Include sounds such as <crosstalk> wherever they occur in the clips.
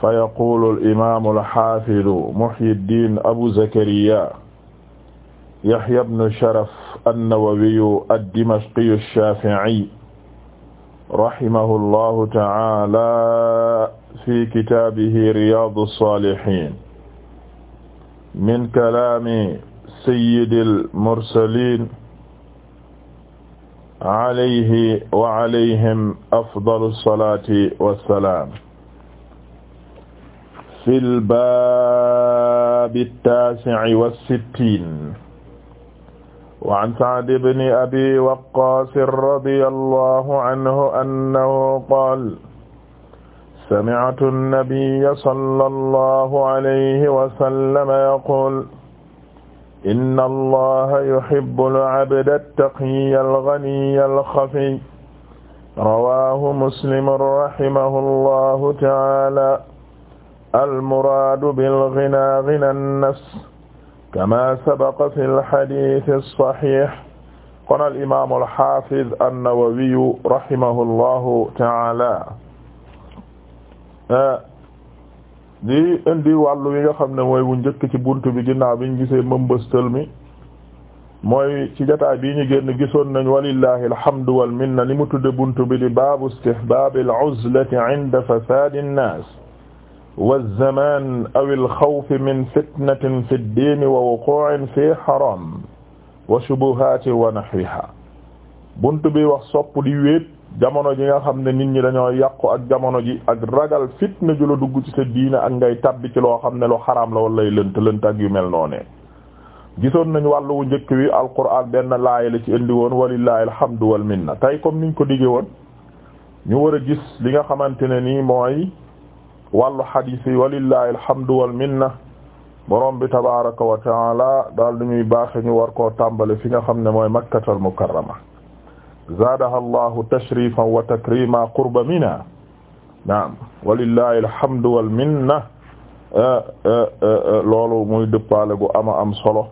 fa yaqulu alimamu alxafidu muhyiddin abu zakariya yahya bnu sharaf annawawiyu addimashqiyu alshafi'i rahimahu allahu taala fi kitabihi riyadu alsalihin min kalami sayyidi almursalin alayhi wa alayhim afdalu alsalati wassalam fil baabi taasi'i wa sittiin wa an Sa'd ibn Abi Waqqaas radiyallahu anhu annahu qaala sami'tu an-nabiyya sallallahu alayhi wa sallam yaquulu inna Allaha yuhibbu al-'abda at-taqiyya al-ghaniyya al-xafiyya rawaahu Muslim rahimahullahu ta'aala almuraadu bilghinaa ghinaa an-nafs kamaa sabaqa fi al-hadiisi as-sahiih kon al-imaam al-haafiz an-nawawiyu rahimahullahu ta'aala di indi wàllu wi nga xam ne mooy bu njëkk ci bunt bi ginnaaw biñ gisee mëmbastal mi mooy ci jotaay bii ñu génn gisoon nañ walillaahi alhamdu wal minna ni mu tudde bunt bi di baabu istihbaabil uzlati inda fasaadin naas والزمان أو الخوف من فتنة في الدين ووقوع في حرام وشبهات ونحوها bunt bi wax sopp di wéet jamono ji nga xam ne nit ñi dañoo yàqu ak jamono ji ak ragal fitna ju la dugg ci sa diine ak ngay tabbi ci loo xam ne loo xaraam la wala lënt lënt ak yu mel noonee gisoon nañ wàllu wu njëkk wi alquran benn laaya la ci indi woon walillahi alhamdu wal minna tey comme niñ ko digge woon ñu war a gis li nga xamante ne nii mooy wàllu xadiis yi walillahi alhamdu wal minna borom bi tabaraka wa taala daal di ñuy baaxe ñu war koo tàmbale fi nga xam ne mooy makkatal mukarrama zaadaha allahu tashrifan wa takrima qurba mina naam walillahi alhamdu wal minna eh, eh, eh, loolu muy dëppaale gu ama am solo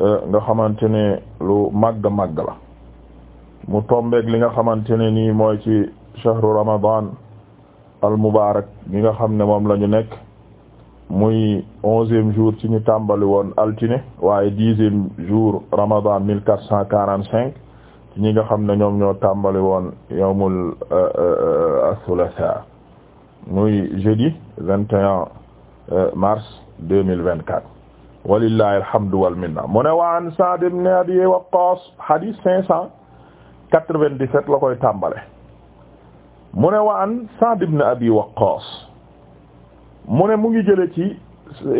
nga xamante ne lu màgg màgg la mu tombeeg li nga xamante ne nii mooy ci shahru ramadan al mubaarak bi nga xam ne moom lañu nekk muy onzième jour ci ñu tàmbali woon altine waaye dixième jour ramadan mille quatre cent quarante cinq ñi nga xam ne ñoom ñoo tàmbali woon yawmul euh, euh, euh, thulatha muy jeudi vingt et un mars mille vingt quatre walillahi alhamdu wal minna mu ne wa an Sa'd ibn Abi Waqqas hadith cinq cent quatre-vingt-dix-sept la koy tàmbale mu ne wa an Sa'd ibn Abi Waqqas mu ne mu ngi jële ci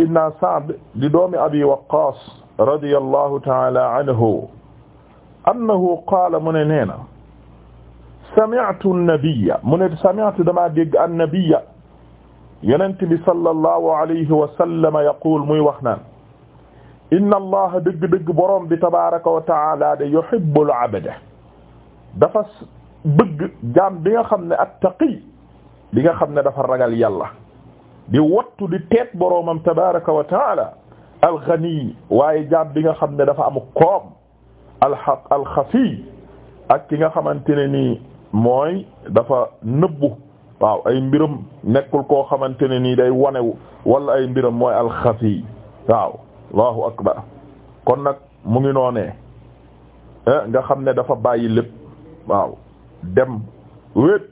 inna Sa'd di doomi Abi Waqqas radiyallahu ta'ala anhu annahu qaala mu ne nee na sami'tu an-nabiyya mu ne sami'tu damaa dégg an-nabiyya yonent bi sallallahu alayhi wa sallam yaqul muy wax naan inna allaha dëgg-dëgg boroom bi tabaraka wa ta'ala de yuhibbul abda dafa bëgg jaam bi nga xam ne attaqi bi nga xam ne dafa ragal yàlla di wattu di teet boroomam tabaraka wa taala alxani waaye jaam bi nga xam ne dafa am koom alxaq alxafi ak ki nga xamante ne nii mooy dafa nëbbu waaw ay mbiram nekkul koo xamante ne nii day wanewu wala ay mbiram mooy alxafi waaw allahu akbar kon nag mu ngi noone eh, nga xam ne dafa bàyyi lépp waaw dem wéet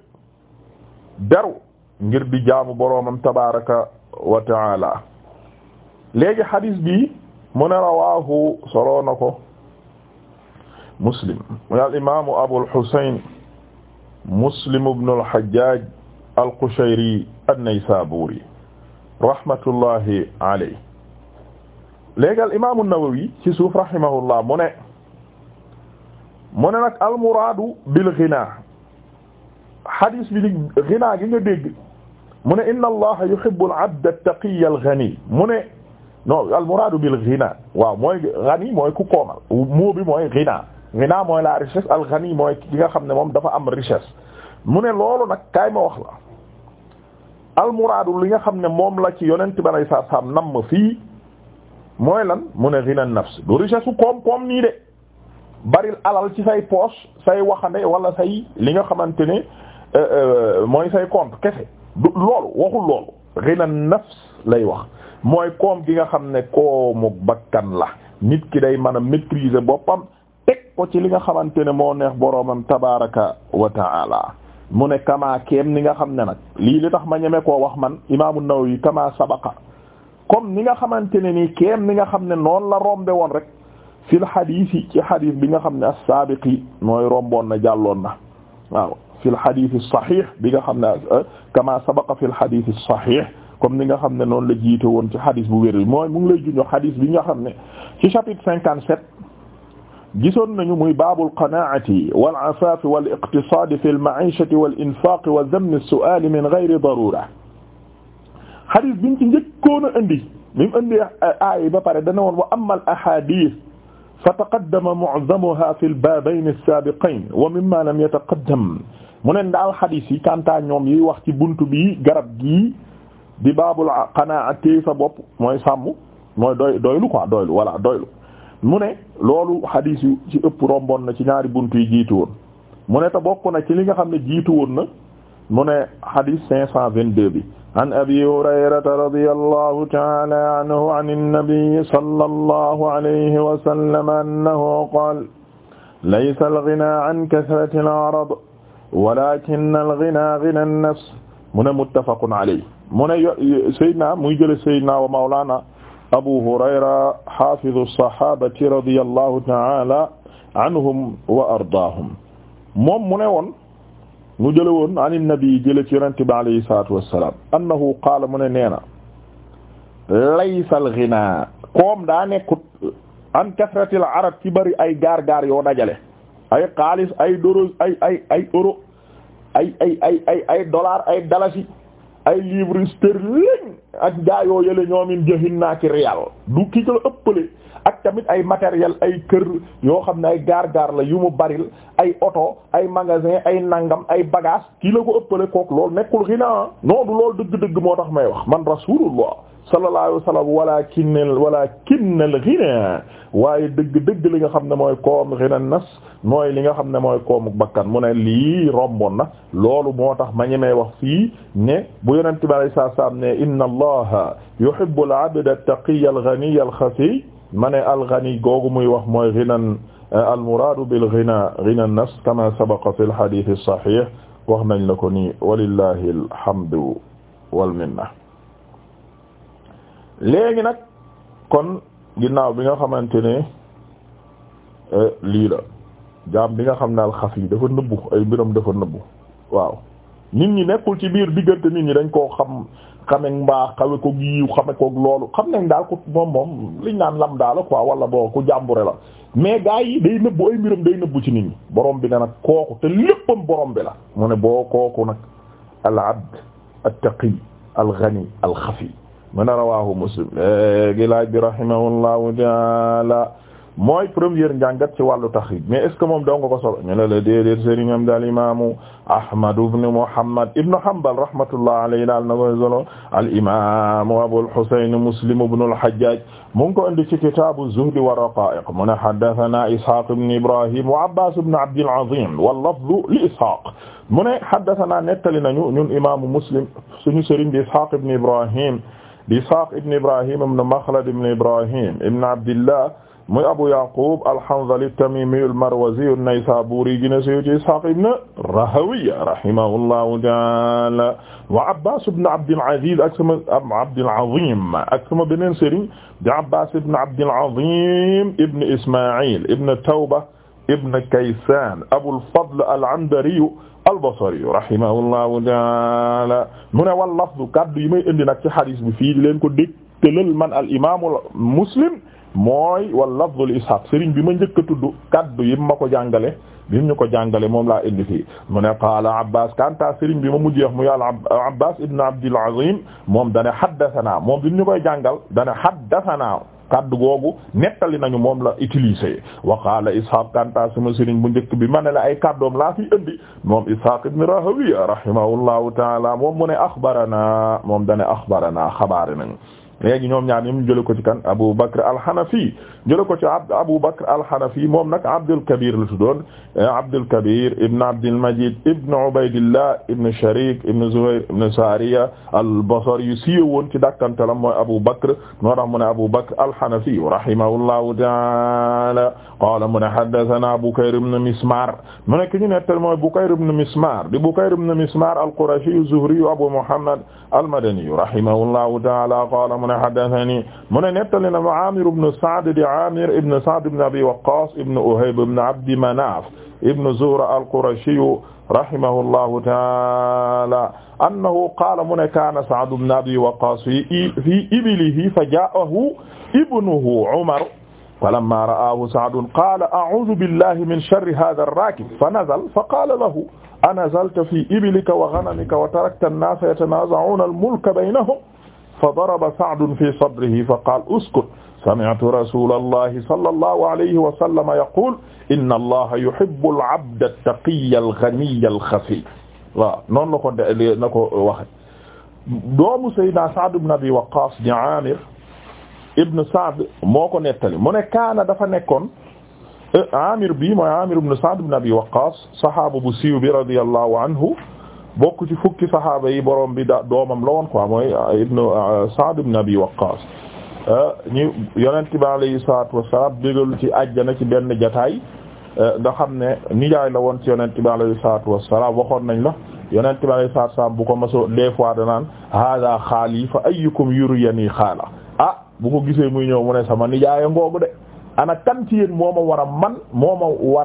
beru ngir di jaamu boroomam tabaraka wa taala léegi hadis bi mu ne rawahu soloo na ko muslim muy al imaamu abul husayn muslim ibn al hajjaj al qushayri an-naysaburi rahmatullahi alayhi léegi al imaamu nawawi ci suuf rahimahullah mu ne mu ne nag almuraadu bil ghina hadis bi ni ghina gi nga dégg mu ne inna allaha yuhibbu al abda at-taqiy al-ghani mu ne non almuraadu bil ghina waaw mooy ghani mooy ku koomal bi mooy ghina ghina la richesse al-ghani mooy ki nga xam ne moom dafa am richesse mu ne loolu nag kaay ma wax la almuraadu li nga xam ne moom la ci yonent ba na saa saam fii mooy lan mu ne ghina an-nafs du richesse koom-koom nii de baril alal ci say poche say waxande wala say li nga xamante ne euh, euh, mooy say compte kese du loolu waxul loolu ghina nafs lay wax mooy koom gi nga xam ne koomu bakkan la nit ki day mën a maîtriser boppam teg ko ci li nga xamante ne moo neex boroomam tabaraka wa taala mu ne kama keem ni nga xam ne nag lii li tax ma ñeme koo wax man imaamu yi kama sabaqa comme ni nga xamante ne nii keem ni nga xam ne noonu la rombe woon rek fil xadiis yi ci xadiis bi nga xam ne a saabiqi mooy romboon na jàlloon na waaw fil xadiis as-saxiix bi nga xam ne euh, kama sabaqa fil xadiis as-saxiix comme ni nga xam ne noonu la jiite woon ci xadiis bu wér bi mooy mu ngi lay junjoo xadiis bi nga xam ne ci chapitre cinquante sept gisoon nañu muy baabul qanaa'ati wal afaafi wal iqtisaadi fil ma'iishati wal infaaqi wa dammi as-su'aali a ghayri daruura xadiis bi mu ci njëkkoon a indi bi mu indi euh, aay ba pare dana woon wa ammal fataqaddama mu'zamuha fi al-baabayni as-saabiqayni wa mimmaa lam yataqaddam mu ne daal xadiis yi kantaa ñoom yi wax ci bunt bi garab gii di baabul qanaa ak téye sa bopp mooy sàmm mooy doy doylu quoi doylu voilà doylu mu ne loolu xadiis yu ci ëpp romboon na ci ñaari bunt yi jiitu woon mu ne te bokk na ci li nga xam ne jiitu woon na mu ne xadiis cinq cent vingt-deux bi an abi hurayrata radiyallahu ta'ala anhu an an-nabiy sallallahu alayhi wa sallam annahu qaala laysa al-ghinaa an kasrati al-'arad walaakinna al-ghinaa ghinaa an-nafs mu ne muttafaqun alayhi mu ne Seydina muy jële Seydina wa Mawlaana Abu Hurayra haafizu as-sahaabati radiyallahu ta'ala anhum wa ardaahum moom mu ne woon mu jële woon an nabi jële ci yonente bi alayhi salatu wassalam annahu qaala mu ne nee na laysal ghina koom daa nekkut an kasratil arab ci bari ay gaar-gaar yoo dajale ay xaalis ay doros ay ay ay ay ay ay ay ay dollar ay dalasi ay livre sterling ak gaa yoo yële ñoomin jahin naa riyal du ki ko ëppale ak tamit ay matériel ay kër yoo xam ne ay gaar-gaar la yu mu baril ay oto ay magasin ay nangam ay bagage kii la ko ëppale kook loolu nekkul xinaa non du loolu dëgg-dëgg moo tax may wax man rasulullah wala alayhi wa sallam walakinnal walakinnal ghina waaye dëgg-dëgg li nga xam ne mooy koom ghina nas mooy li nga xam ne mooy koomu bakkan mu ne lii romboon na loolu moo tax ma ñemee wax fii ne bu yonente bi alayhi salaam ne inna allaha yuhibbul abda at-taqiyya al-ghaniyya al-khafi ma ne alxani googu muy wax mooy ginan eh, almuraadu bil gina gina nafs kama sabaqa fi lhadith as-sahih wax nañ la ko nii walillahi alhamdu wal minna léegi nag kon ginnaaw bi nga xamante ne eh, lii la jaam bi nga xam ne alxaf yi dafa nëbbu ay mbiram dafa nëbbu waaw nit ñi nekkul ci biir diggante nit ñi dañ koo xam xame mbaa xawe ko yiw xame ko loolu xam nañ daal ku moom moom liñ naan lam daala quoi wala boo ku jàmbure la mais gaa yi day nëbbu ay mbiram day nëbbu ci nit ñi borom bi ne nag kooku te léppam borom bi boo kooku nag al abd attaqi al ghani al xafi mu ne rawahu muslim léegi laaj bi rahimahullahu mooy première njàngat ci wàllu taxrij mais est ce que moom doo nga ko solo ñu ne la déedéet sëriñam daal imaamu Ahmad ibn Muhammad ibn Hanbal rahmatullah alayhi daal na koy solo al imaamu Abul Husayn Muslim ibn al-Hajjaj mu ngi ko indi ci kitaabu zuhd wa raqaa'iq mu ne haddathana Ishaq ibn Ibrahim wa Abbas ibn Abd al-Azim wal lafzu li Ishaq mu ne haddathana nettali nañu ñun imaamu Muslim suñu sëriñ bi Ishaq ibn Ibrahim di Ishaq ibn Ibrahim ibn Makhlad ibn Ibrahim ibn Abdillah muy Abu Yaqub al-Hanzali at-Tamimi al-Marwazi an-Naysaburi gëna siiw ci Ishaq ibn Rahawiya rahimahullahu ta'ala wa Abbas ibn Abd al-Aziz ak sama Abd al-Azim ak sama beneen sëriñ di Abbas ibn Abd al-Azim ibn Isma'il ibn Tawba ibn Kaysan Abul Fadl al-Andari al-Basri rahimahullahu ta'ala mu ne wal lafdu kaddu yi may indi nag ci hadis bi fii di leen ko dégg te loolu man al-Imam Muslim mooy wal lafdul ishaq sëriñ bi ma njëkk a tudd kaddu yi ma ko jàngale bi ñu ko jàngale moom laa indi fii mu ne qaala abbas kanta sëriñ bi ma mujj wax mu yàlla abbas ibn abdil azim moom dane haddathana moom bi ñu koy jàngal dane haddathana kaddu googu nettali nañu moom la utilisé wa qaala ishaq kanta sama sëriñ bu njëkk bi ma ne la ay kaddoom laa fi indi moom ishaq ibn rahawiya rahimahullahu taala moom mu ne axbarana moom dane axbarana xabaare nañu léegi ñoom ñaar ñoom jële ko ci kan Abu Bakr al-Hanafi jële ko ci ab Abu Bakr al-Hanafi moom nag Abdul Kabir la tuddoon Abdul Kabir ibn Abdul Majid ibn Ubaydillah ibn Sharik ibn Zuhayr ibn Sariya al-Basri yu siiwee woon ci dakkantalam mooy Abu Bakr noo tax mu ne Abu Bakr al-Hanafi rahimahullahu ta'ala qala mu ne haddathana Bukayr ibn Mismar mu ne ki ñu nettal mooy Bukayr ibn Mismar di Bukayr ibn Mismar al-Qurashi az-Zuhri Abu Muhammad almadaniyu rahimahullahu taala qaala mu ne haddathani mu ne nettali na ma amir ibn Sa'd di amir ibn Sa'd ibn Abi Waqqas ibn Uhayb ibn Abdi Manaf ibn Zuhra al-Qurashiyu rahimahullahu taala annahu qaala mu ne kaana Sa'd ibn Abi Waqqas fi ibilihi fa ja'ahu ibnuhu Umar falamma ra'aahu Sa'd qaala a'uuzu billahi min sharri haadha ar-raakib fa nazala fa qaala lahu anazalta fi iblika wa ghanamika wa tarakta an-naasa yatanaaza'uuna al-mulka baynahum fa daraba Sa'dun fi sadrihi fa qaala uskut sami'tu rasuulallahi sallallahu alayhi wa sallam yaquulu inna allaha yuhibbu al-'abda at-taqiyya al-ghaniyya al-xafiyya waaw noonu la ko de na ko waxe doomu Seydina Sa'd ibn Abi Waqqaas di Aamir ibn Sa'd moo ko nettali mu ne kaana dafa nekkoon amir bi mooy amir ibn Sa'd ibn Abi Waqqas sahaaba bu siiw bi radiyallahu anhu bokk ci fukki saxaaba yi boroom bi da doomam la woon quoi mooy ah, ibn ah, Sa'd ibn Abi Waqqas ah, ñu yonent bi alayhi salaatu ci àjjana ci benn jataay nga xam ne nijaay la woon ci yonent bi alayhi salaatu wassalaam waxoon nañ la yonent bi ko mosoo des fois danaan hada xaali fa ayyukum yuriyani xaala ah bu ko gisee muy ñëw mu ne sama nijaay ngoogu de ana kan ci yéen moo ma war a man moo a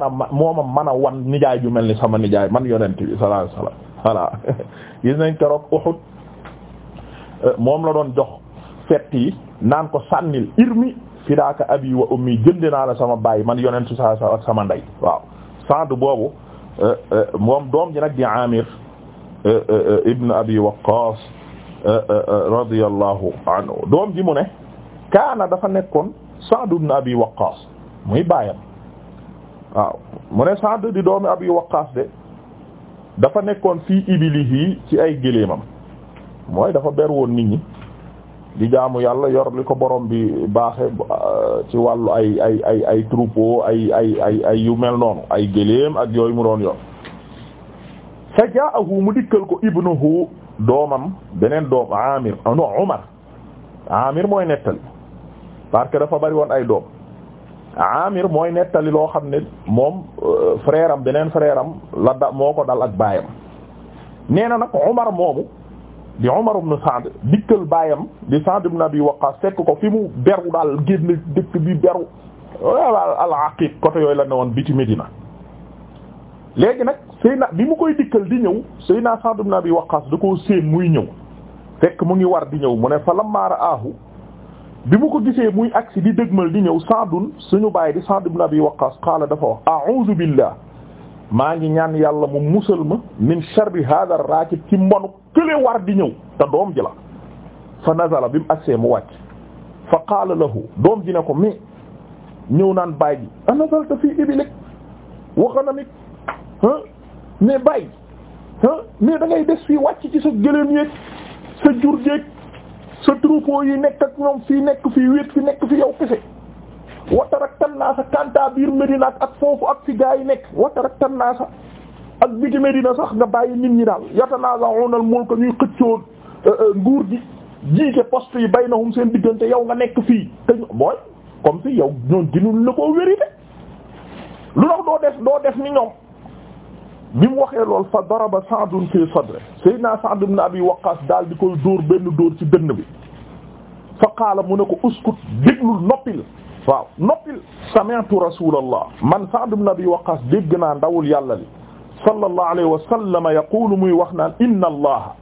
ma moo a wan nijaay ju mel ni sama nijaay man yonent bi sallallahu alayhi wasallam voilà <laughs> gis nañ keroog euh, moom la doon jox fett yi naan ko sànnil irmi fidaaka abi wa ummi jënd naa sama baay man yonent sallallahu alayhi ak sama ndey waaw Saad boobu euh, euh, moom doom ji nag di ibn Abi Waqqas radiyallahu anhu doom ji mu ne kaana dafa nekkoon Sa'd ibn Abi Waqqas muy baayam waaw mu ne Sa'd di doomi Abi Waqqas de dafa nekkoon fii ibilihi ci ay gëléemam mooy dafa ber woon nit ñi di jaamu yàlla yor li ko borom bi baaxe euh, ci wàllu ay ay ay ay troupeau ay ay ay yu mel noonu ay géléem ak yooyu mu doon yor fa jaahu mu dikkal ko ibnuhu doomam beneen doom Amir ah non Amir mooy nettali parce que dafa bari woon ay doom Amir mooy nettali loo xam ne moom euh, frère am beneen frère am la da moo ko dal ak baayam nee na nag Umar moomu di Umar ibn Sa'd dikkal baayam di Sa'd ibn Abi Waqqas fekk ko fi mu beru daal génn dëkk bi beru euh, al-Aqiq côté yooyu la ne woon bi ci Médina léegi nag Seyna bi mu koy dikkal di ñëw Seyna Sa'd ibn Abi Waqqas da koo séen muy ñëw fekk mu ngi war di ñëw mu ne fa lamma ra'ahu bi mu ko gisee muy agsi di dëgmal di ñëw Saadun suñu baay di Saad ibn Abi Waqqas qaala dafa wax a'uuzu billah maa ngi ñaan yàlla mu musal ma min sharri hadha ar-raakib ci mbonu kële war di ñëw te doom ji la fa nazala bi mu agsee mu wàcc fa qaala lahu doom ji ne ko mi ñëw naan baay ji a nazalta fii ibilik wa ghanamik mais baay mais da ngay des fii wàcc ci sa gëléem yéeg sa jur jéeg sa troupeau yi nekk ak ñoom fii nekk fii wéet fi nekk fi yow kese watarak tan naa sa biir Medina ak ak foofu ak fi gaa yi nekk watarak tan naa sa ak biti Medina sax nga bàyyi nit ñi daal yatanaza'una al-mulk ñuy xëccoo euh, euh, nguur gi jiite post yi bay na baynahum seen diggante yow nga nekk fii te mooy comme si yow ñoom ginuñ la koo wérité lu tax doo def doo def ni ñoom bi mu waxee lool fa daraba Sa'dun fi sadri Seydina Sa'd ibn Abi Waqqas daal di koy dóor benn dóor ci dënn bi fa qaala mu ne ko uskut déglul noppil waaw noppil sami'tu rasulallah man Sa'd ibn Abi Waqqas dégg naa ndawul yàlla li sallallahu alayhi wa sallam yaqulu muy wax naan inna allaha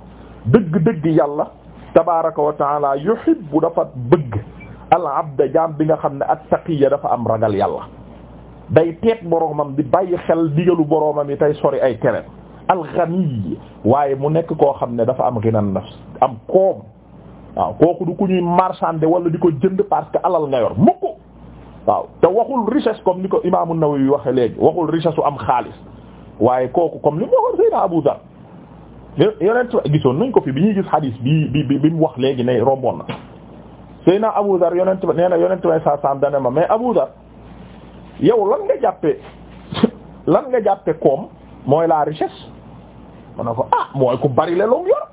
dëgg-dëgg yàlla tabaraka wa taala yuhibbu dafa bëgg al abda jaam bi nga xam ne at taqiya dafa am ragal yàlla day teet boroomam di bàyyi xel digalu boroomam yi tey sori ay tereen alxaniyi waaye mu nekk koo xam ne dafa am ginan nafs am koom waaw kooku du ku ñuy marchander wala di ko jënd parce que alal nga yor mukk waaw te waxul richesse comme ni ko imaamu Nawawi waxe léegi waxul richesse u am xaalis waaye kooku comme li mu waxoon Seydina Abu Dar yonent gisoon nuñ ko fi bi ñuy gis xadiis bi bi bi mu wax léegi ne romboon na Seydina Abu Dar yonent nee na yonent may ma mais Abu Dar yow lan nga jàppe <laughs> lan nga jàppe koom mooy la richesse mu ne ko ah mooy ku bari la loom yor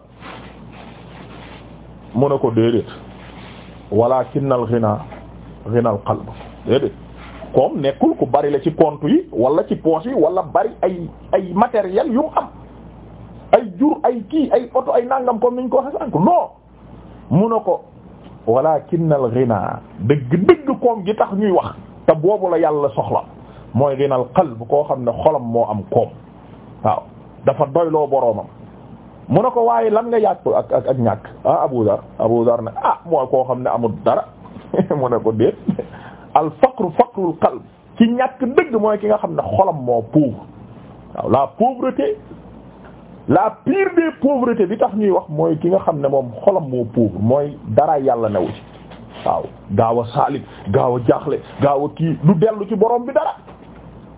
mu ne ko déedéet walakin al ghina ghina al qalb déedéet koom nekkul ku bari la ci compte yi wala ci poche yi wala bari ay ay matériel yu mu am ay jur ay kii ay oto ay nangam comme niñ ko waxee sànq non mu ne ko walakin al ghina dëgg dëgg koom gi tax ñuy wax te boobu la yàlla soxla mooy ginal qalb koo xam ne xolam moo am koom waaw dafa doyloo boroomam. mu ne ko waaye lan nga yàq ak ak ak ñàkk ah Abu Dar Abu Dar ne ah mooy koo xam ne amul dara <laughs> mu ne ko déet <laughs> al faqru faqrul qalb ci ñàkk dëgg mooy ki nga xam ne xolam moo pauvre waaw la pauvreté la pire des pauvretés bi tax ñuy wax mooy ki nga xam ne moom xolam moo pauvre mooy dara yàlla newu ci waaw gaaw a saalit gaaw a jaaxle gaaw a kii lu dellu ci borom bi dara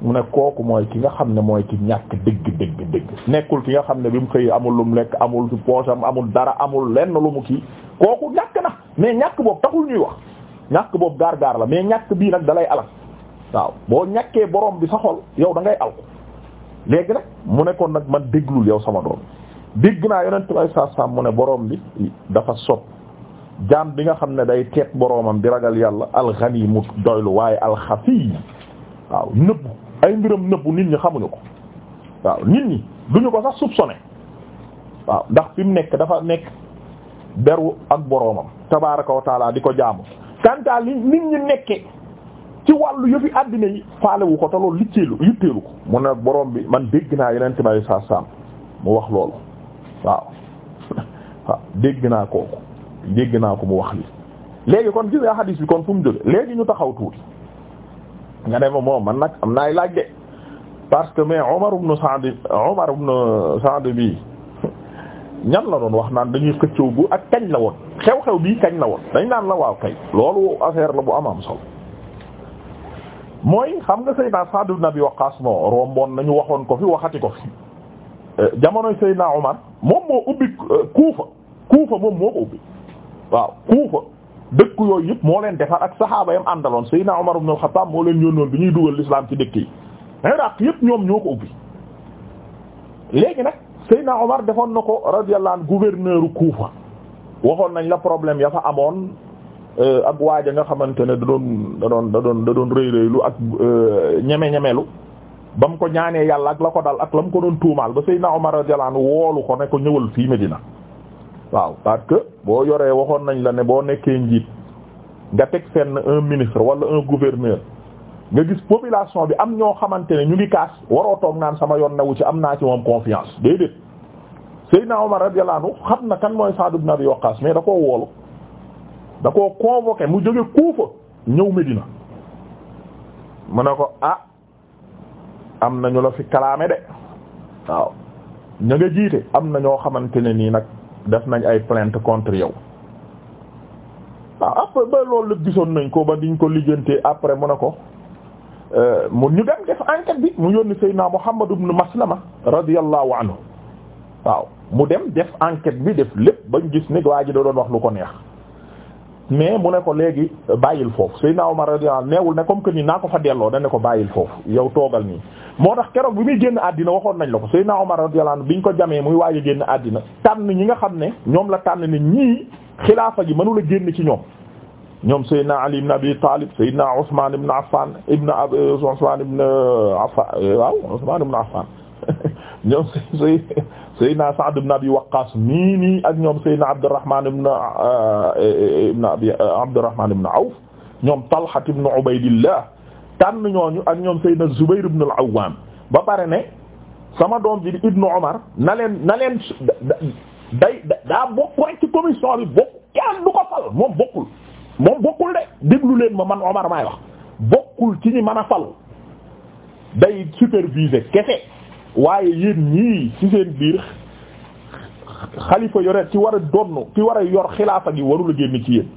mu ne kooku mooy ki nga xam ne mooy ki ñàkk dëgg dëgg dëgg nekkul ki nga xam ne bi mu xëy amul lu mu lekk amul ci poosam amul dara amul lenn lu mu kii kooku ñàkk na mais ñàkk boobu taxul ñuy wax ñàkk boobu gaar-gaar la mais ñàkk bii nag dalay alal waaw boo ñàkkee borom bi sa xol yow da ngay aw léegi nag mu nekkoon nag man déglul yow sama doom dégg naa yonent may sa sam mu ne borom bi dafa sopp jaam bi nga xam ne day teet boroomam di ragal yàlla alxani mu doylu waaye alxafi waaw nëbbu ay mbiram nëbbu nit ñi xamuñu ko waaw nit ñi duñu ko sax soupçonné waaw ndax fi mu nekk dafa nekk beru ak boroomam tabaaraka wa di ko jaamu kantaa li nit ñi nekke ci wàllu yëfi àddina yi faalewu ko te loolu litteelu ko mu ne boroom bi man dégg naa yeneen may saa saam mu wax loolu waaw <laughs> waaw dégg naa kooku dégg naa ko mu wax li léegi kon gisee hadis bi kon fu mu jóge léegi ñu taxaw tuuti nga ne ma moom man nag am naay laaj de parce que mais Umar ibn Sa'd Umar ibn Sa'd bi ñan la doon wax naan dañuy xëccoo bu ak kañ la woon xew-xew bii kañ la woon dañ naan la waaw kay loolu affaire la bu amaam am mooy xam nga Seydina Sa'd ibn Abi Waqqas moo romboon nañu waxoon ko fi waxati ko fi eh, jamonoy Seydina Umar moom moo ubbi Kuufa Kuufa moom moo ko ubbi waaw Kuufa dëkk yooyu yëpp moo leen defar ak saxaaba yam àndaloon Seydina Umar ibn al-Khattab moo leen yónnoon bi ñuy dugal l'islam ci dëkk yi Iraq yëpp ñoom ñoo ko nag Seydina Umar defoon na ko radiyallahu anhu gouverneur Kuufa waxoon nañ la problème ya amoon euh, ak waaja nga xamante ne da doon da da doon da doon rëy rëylu ak euh, ñeme-ñemelu ba mu ko ñaanee yàlla ak la ko dal ak la mu ko doon tuumaal ba Seydina Umar radiyallahu anhu woolu ko ne ko ñëwal fii Medina waaw parce que boo yoree waxoon nañ la ne boo nekkee njiit nga teg fenn un ministre wala un gouverneur nga gis population bi am ñoo xamante ne ñu ngi kaas waroo toog naan sama yoon newu ci am naa ci moom confiance déedéet Seydina Omar radiyallahu xam na kan mooy Saad ibn Abi Waqqas mais da koo woolu da koo convoqué mu jóge Kuufa ñëw Medina mu ne ko ah am na ñu la fi kalaame de waaw ña jiite am na ñoo xamante ne nii nag def nañ ay plainte contre yow waaw ah, après ba loolu lépp gisoon nañ ko ba diñ ko lijjantee après mu ne ko euh, mu ñu dem def enquête bi mu yónni Seydina Muhammad ibn Maslama radiyallahu anhu waaw mu dem def enquête bi def lépp bañ gis ne waa ji da doon wax lu ko neex mais mu ne ko léegi bàyyil foofu Seydina Omar radiyallahu neewul ne comme que nii naa ko fa delloo da ne ko bàyyil foofu yow toogal nii moo tax keroog bi muy génn àddina waxoon nañ la ko Seydina Omar radiyallahu anhu biñ ko jamee muy waaj a génn àddina tànn ñi nga xam ne ñoom la tànn ne ñii xilaafa gi mënula génn ci ñoom ñoom Seydina Ali ibn Abi Talib Seydina Ousmane ibn Affan ibn Ousmane ibn Affan waaw Ousmane ibn Affan <laughs> ñoom say Seydina Sa'd ibn Abi Waqqas mii ak ñoom Seydina Abdurrahman ibn uh, uh, ibn Abi uh, Abdurrahman ibn Awf ñoom Talha ibn Ubaydillah tànn ñooñu ak ñoom Seydina na ibn al-Awwam ba pare ne sama doom bi di Ibn Umar na leen na leen day daa bokk rek moom bokkul moom bokkul de déglu leen ma man Omar maay wax bokkul ci ñi mën a fal day superviser kese waaye yéen ñii ci seen biir xalifa yore ci war a donn ci war a yor xilaafa gi warul a génn ci yéen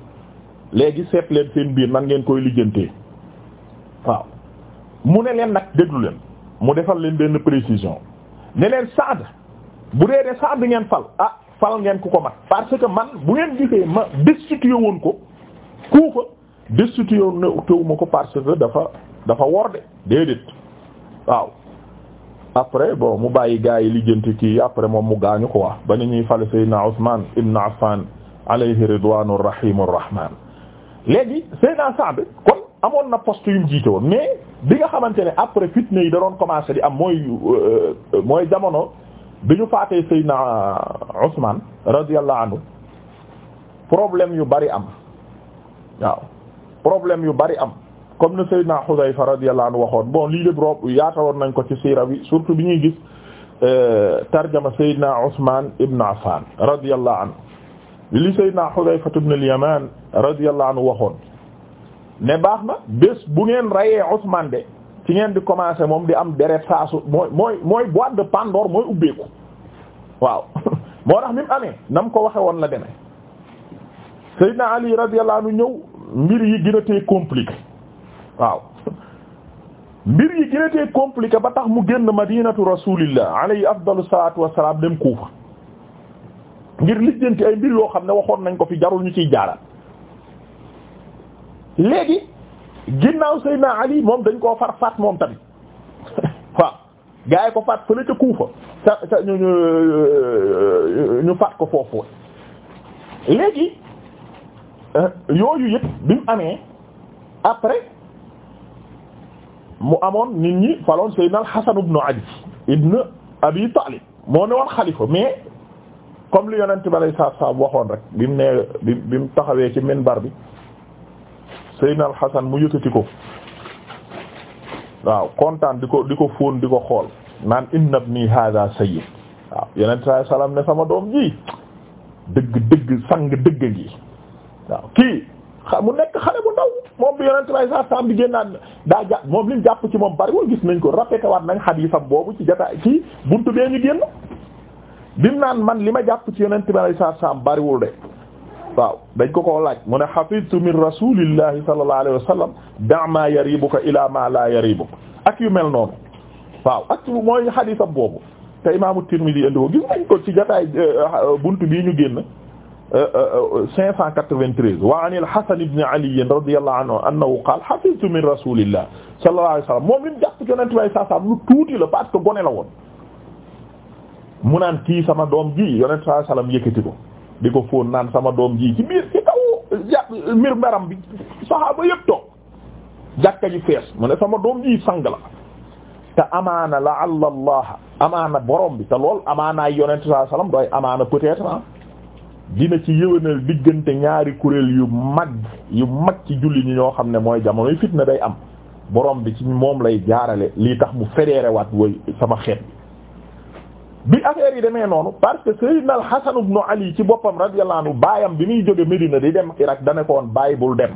léegi seet leen seen biir nan ngeen koy lijjantee waaw mu ne leen nag déglu leen mu defal leen benn précision ne leen Saad bu dee de Saad ngeen fal ah fal ngeen ku ko mat parce que man bu ngeen gisee ma destitué woon ko kuufa destitué woon na teewuma ko parce que dafa dafa wor de déedéet waaw après bo mu bàyyi gars yi lijjanti après moom mu gaañu ko wax ba ni ñuy fale Seydina Ousmane Ibn Affan alayhi ridwaanu rahimu rahmaan léegi Seydina Sa'd kon amoon na poste yu mu woon mais bi nga xamante ne après fitna yi da doon commencé di am mooy euh, euh, mooy jamono bi ñu faatee Seydina Ousmane radiyallahu anhu problème yu bari am waaw problème yu bari am. comme ne Seydina Xudayfa radiyallahu anhu waxoon bon lii lépp rob yaataloon nañ ko ci siira bi surtout bi ñuy gis euh, tarjama Seydina Usmaan ibn Affaan radiyallahu anhu li Seydina Xudayfa ibn al-Yamaan waxoon ne baax na bés bu ngeen rayee Usmaan de ci ngeen di commencer moom di am deret saasu mooy mooy mooy boîte de Pandore mooy ubbeeku waaw <laughs> moo tax ni amee na mu ko waxe woon la demee Seydina Ali radiyallahu ñëw mbir yi gën a tee compliqué waaw mbir yi gën a ba tax mu génn madinatu rasulillah alayhi afdalu salaatu wassalaam dem Kuufa ngir lijjanti ay mbir yoo xam ne waxoon nañ ko fi jarul ñu ciy jaaraat léegi ginnaaw Seydina Ali moom dañ koo far faat moom tamit <laughs> waaw gaa ko faat fële ca Kuufa ca ca ñu ñu euh, faat ko foofu léegi euh, yooyu yëpp bi mu amee après mu amoon nit ñi faloon Seydina al-Hasan ibn Ali ibn Abi Talib moo ne woon xalifa mais comme li yonent bi alayhi salaatu salaam waxoon rek bi mu nee bi mu taxawee ci bar bi Seydina al-Hasan mu yëkkati ko waaw kontaan di ko di ko fóon di ko xool naan inna ibni hadha sayyid waaw yonent bi salaam ne sama doom ji dëgg dëgg sang dëgg gi waaw kii mu nekk xale bu moom bi yonent bay sa sam bi génnaat daa jàpp moom liñ jàpp ci moom bariwul gis nañ ko répété waat nañ xadiisam boobu ci jota ci buntu bee ñu génn bim naan man li ma jàpp ci yonent bay sa sam bariwul de waaw dañ ko ko laaj mu ne hafidtu min rasulillahi sallallahu alayhi wa sallam da' ma yaribuka ila ma la yaribuk ak yu mel noonu waaw ak mooy xadiisam boobu te imaamu Tirmidhi indi ko gis nañ ko ci jotaay euh, bunt bii ñu génn 593 wa an al-Hasan ibn Ali radiyallahu anhu annahu qaala hafiztu min rasulillah sallallahu alayhi wa sallam moom li mu jàpp yonent saam lu tuuti la parce que gone la woon mu naan kii sama doom ji yonent saa salaam yëkkati ko di ko fóon naan sama doom ji ci biir ci kaw ja mir baram bi saxaaba yëpp toog ji fees mu ne sama doom ji sang la te amaana la allah amaana borom bi te lool amaanaay yonent saa salaam doy amaana peut-être ah. dina ci yëwénal diggante ñaari kuréel yu mag yu mag ci julli ñi ñoo xam ne mooy jamono jamonoy fitna day am boroom bi ci moom lay jaarale lii tax mu fédéré waat woy sama xeet bi bi affaire yi demee noonu parce que Sayyidina al-Hasan ibn Ali ci boppam radiyallahu anhu baayam bi muy jóge Medina di dem Irak dana ko woon bàyyi bul dem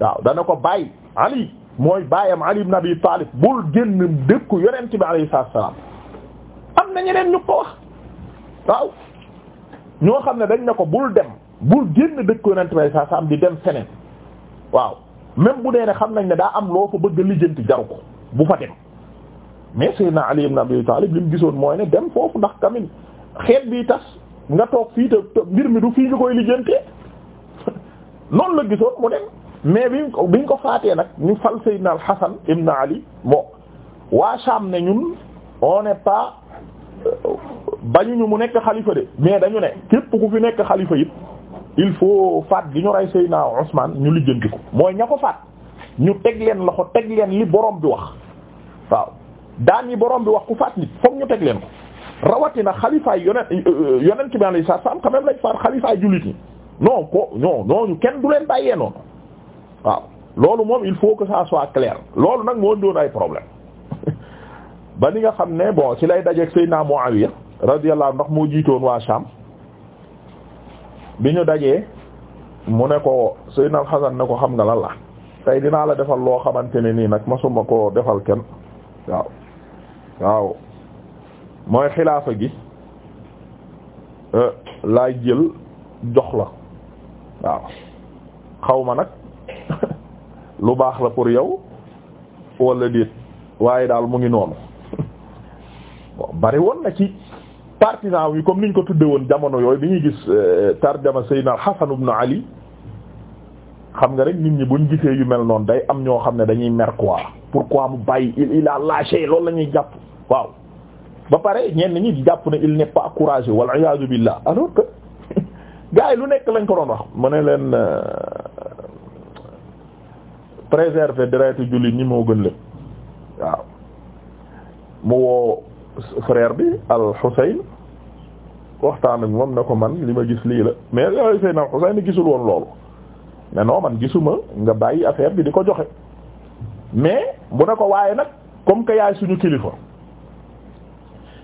waaw dana ko bàyyi Ali mooy baayam Ali na Abi Talib bul génn dëkku yonent bi alayhi salaam am na ñeneen ñu ko waaw ñoo xam ne dañ na ko bul dem bul génn dëkk yonent bay saa sa am di dem feneen waaw même bu dee ne xam nañ ne daa am loo fa bëgg a lijjanti jaru ko bu fa dem mais Seydina Ali ibn Abi Talib li gisoon mooy ne dem foofu ndax tamit xeet bi tas nga toog fii te mbir mi du fii ñu koy lijjantee <laughs> noonu la gisoon mu dem mais biñ ko biñ ko faatee nag ñu fal Seydina al Hasan ibn Ali bon waa Sham ne ñun on n'est bañuñu mu nekk xalifa de mais dañu ne képp ku fi nekk xalifa it il faut faat gi ñu rey Seydina Ousmane ñu lijjanti ko mooy ña ko faat ñu teg leen loxo teg leen li borom bi wax waaw daan yi borom bi wax ku faat nit fokk ñu teg leen ko rawatina xalifaay yonen euh, euh, yonent bi alayhi salaam quand même lañ faat xalifaay jullit ñi non ko non ñooñu kenn du leen bàyyee noonu waaw loolu moom il faut que ça soit clair loolu nag moo doon ay problème ba ni nga xam ne bon ci lay dajeeg Seydina Muawiya radiyallahu anhu ndax moo jiitoon waa Sham bi ñu dajee mu ne ko sëy Al-Hasan ne ko xam nga lan la tey dinaa la defal loo xamante ne nii nag masuma koo defal kenn waaw waaw mooy xilaafa gi euh, laay jël jox la waaw xaw ma nag <laughs> lu baax la pour yow wala déet waaye daal mu ngi noonu bon bari woon na ci partisan yi comme niñ ko tuddee woon jamono yooyu bi ñuy gis euh, tarjama Seydina al-Hasan ibn Ali xam nga rek nit ñi buñ gisee yu mel noonu day am ñoo xam ne dañuy mer quoi pourquoi mu bàyyi il a lâché loolu la ñuy jàpp waaw ba pare ñenn ñi jàpp ne il n'est pas courageux wal iyaazu billah alors que <laughs> lu nekk lañ ko doon wax mu ne leen euh, préserver deretu jullit ni moo gën lépp waaw mu woo frère bi al-Husayn waxtaan ak moom ne ko man li ma gis lii la mais yooyu say na Husayn gisul woon loolu mais non man gisuma nga bàyyi affaire bi di ko joxe mais mu ne ko waaye nag comme que yaay suñu kilifa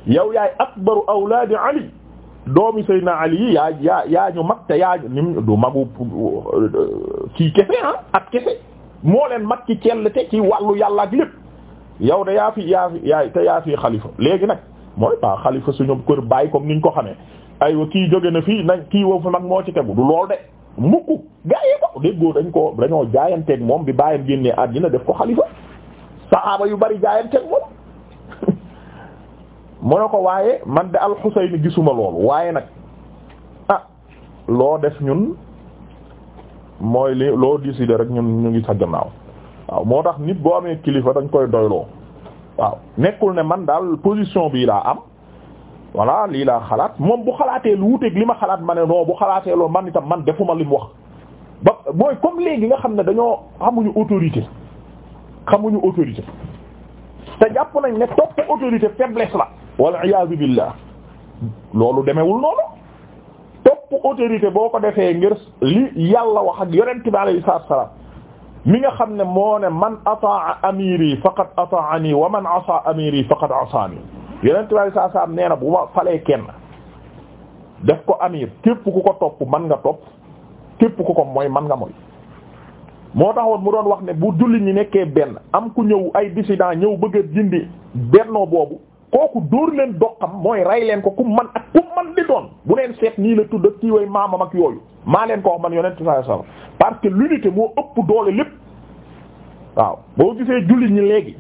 yow yaay akbaru awlaadi Ali doomi Seydina Ali yi yaa yaa yaa ñu mag te yaa nim du magu euh, kii kese ah ak kese moo leen mag ci kell te ci wàllu yàlla ak lépp yow de yaa fi yaa fi te yaa fi xalifa léegi nag mooy pas xalifa suñu kër bàyyi comme niñ ko xamee aywa kii jóge na fii nañ kii wow nag moo ci tegu du lool de mukk gaa yi ko déggoo dañ ko dañoo jaayanteeg moom bi bàyyam génnee àddina def ko xalifa saxaaba yu bari jaayanteeg moom <laughs> mu ne ko waaye man de alxuseyn gisuma loolu waaye nag ah loo def ñun mooy li loo décider rek ñun ñu ngi sa gannaaw waaw moo tax nit boo amee kilifa dañ koy doyloo waaw nekkul ne man daal position bii laa am voilà lii laa xalaat moom bu xalaatee lu wuteeg li ma xalaat ma ne non bu xalaatee loolu man itam man defuma li mu wax. ba booy comme léegi nga xam ne dañoo xamuñu autorité xamuñu autorité te jàpp nañ ne topp autorité faiblesse la. wal iyaazu billah loolu demewul noonu topp autorité boo ko defee ngir li yàlla wax ak yonent bi alayhi salaam. mi nga xam ne moo ne man ataa amiri faqad ataani wa man asa amiri faqad asaani yonent bi saa saa nee na bu ma falee kenn def ko amir képp ku ko topp man nga topp képp ku ko mooy man nga mooy moo taxoon mu doon wax ne bu julli ñi nekkee benn am ku ñëw ay dissident ñëw bëgg a dindi bennoo boobu kooku dóor leen doqam mooy rey leen ko ku man ak ku man di doon bu leen seet nii la tudd ak kii way maamam ak yooyu maa leen koo man yonent sallallahu alayhi wasallam parce que l'unité moo ëpp doole lépp waaw boo gisee jullit ñi léegi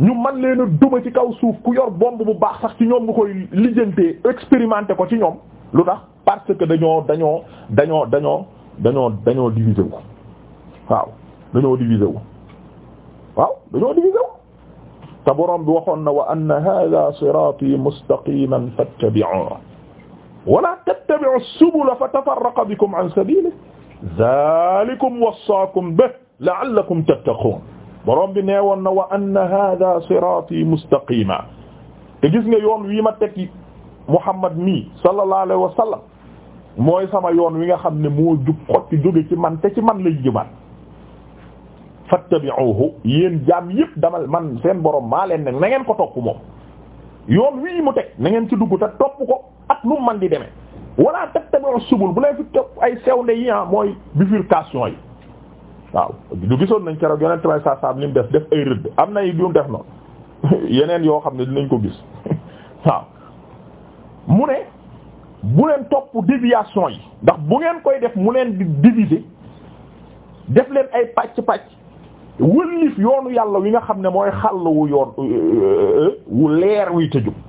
ñu man leen a duma ci kaw suuf ku yor bomb bu baax sax ci ñoom nga koy lijjantee expérimenter ko ci ñoom lu tax parce que dañoo dañoo dañoo dañoo dañoo dañoo diviser wu waaw dañoo diviser waaw dañoo diviser te borom bi waxoon na wa anna hadha sirati mustaqiman fattabi'uhu wa la tattabi'u subula fatafarraqa bikum an sabilihi dhalikum wassaakum bihi la'allakum tattaqun borom bi nee woon na wa anna hadha sirati mustaqima te gis nga yoon wi ma teg Muhammad mi sallallahu alayhi wa sallam mooy sama yoon wi nga xam ne moo jub xotti jóge ci man te ci man lay jëmaat fattabi'uhu yéen jaam yëpp damal man seen boroom maa leen ne na ngeen ko topp moom yoon mu teg na ngeen ci dugg te topp ko ak mu man di demee wala tattabi'u subul bu leen fi topp ay sewnde yi ah mooy bifurcation yi waaw du gisoon nañ keroog yeneen tamit saa saa li mu def def ay rëdd am na yu ñu def noonu <laughs> yeneen yoo xam ne di dinañ ko gis <laughs> waaw mu ne bu leen topp déviation yi ndax bu ngeen koy def mu leen di diviser def leen ay pàcc pacc wëllif yoonu yàlla wi nga xam ne mooy xàll wu yoon wu leer wi tëju